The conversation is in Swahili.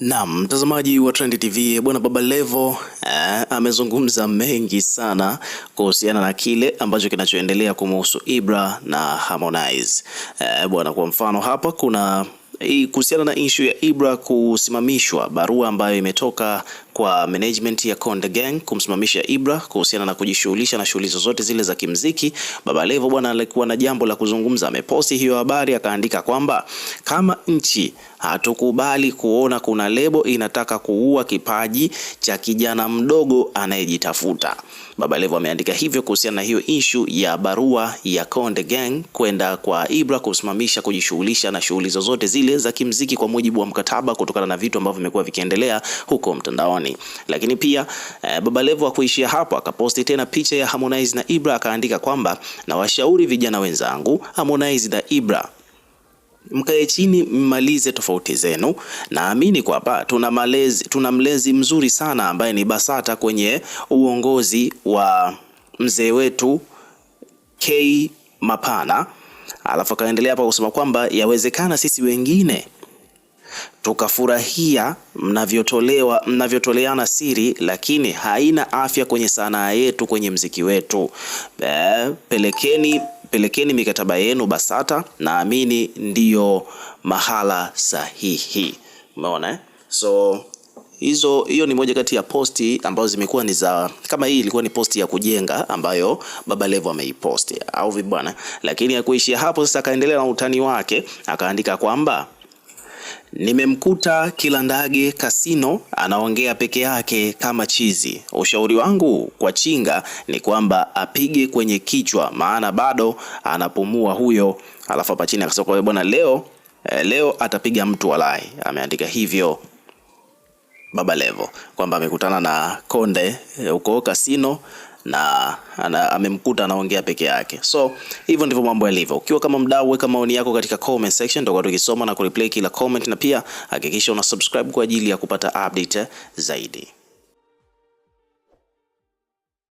Naam, mtazamaji wa Trend TV bwana, Baba Levo eh, amezungumza mengi sana kuhusiana na kile ambacho kinachoendelea kumhusu Ibra na Harmonize eh, bwana. Kwa mfano hapa kuna kuhusiana na issue ya Ibra kusimamishwa, barua ambayo imetoka kwa management ya Konde Gang kumsimamisha Ibra kuhusiana na kujishughulisha na shughuli zozote zile za kimziki. Baba Levo bwana alikuwa na jambo la kuzungumza, ameposti hiyo habari akaandika kwamba kama nchi hatukubali kuona kuna lebo inataka kuua kipaji cha kijana mdogo anayejitafuta. Baba Levo ameandika hivyo kuhusiana na hiyo issue ya barua ya Konde Gang kwenda kwa Ibra kusimamisha kujishughulisha na shughuli zozote zile zile za kimziki kwa mujibu wa mkataba, kutokana na vitu ambavyo vimekuwa vikiendelea huko mtandaoni. Lakini pia eh, Baba Levo hakuishia hapo, akaposti tena picha ya Harmonize na Ibra akaandika kwamba na washauri vijana wenzangu, Harmonize na Ibra mkae chini mmalize tofauti zenu. Naamini kwamba tuna malezi, tuna mlezi mzuri sana ambaye ni Basata kwenye uongozi wa mzee wetu K Mapana Alafu akaendelea hapa kusema kwamba yawezekana sisi wengine tukafurahia mnavyotolewa mnavyotoleana siri, lakini haina afya kwenye sanaa yetu, kwenye mziki wetu. Be, pelekeni pelekeni mikataba yenu BASATA, naamini ndiyo mahala sahihi. Umeona eh? so hizo hiyo ni moja kati ya posti ambazo zimekuwa ni za kama hii ilikuwa ni posti ya kujenga ambayo Baba Levo ameiposti au vibwana, lakini hakuishia hapo. Sasa akaendelea na utani wake, akaandika kwamba nimemkuta kila ndage kasino anaongea peke yake kama chizi. Ushauri wangu kwa chinga ni kwamba apige kwenye kichwa, maana bado anapumua huyo. Alafu hapa chini akasema bwana, leo eh, leo atapiga mtu walai, ameandika hivyo. Baba Levo kwamba amekutana na Konde eh, huko kasino na ana, amemkuta anaongea peke yake. So hivyo ndivyo mambo yalivyo. Ukiwa kama mdau, weka maoni yako katika comment section, tutakuwa tukisoma na kureplay kila comment, na pia hakikisha una subscribe kwa ajili ya kupata update zaidi.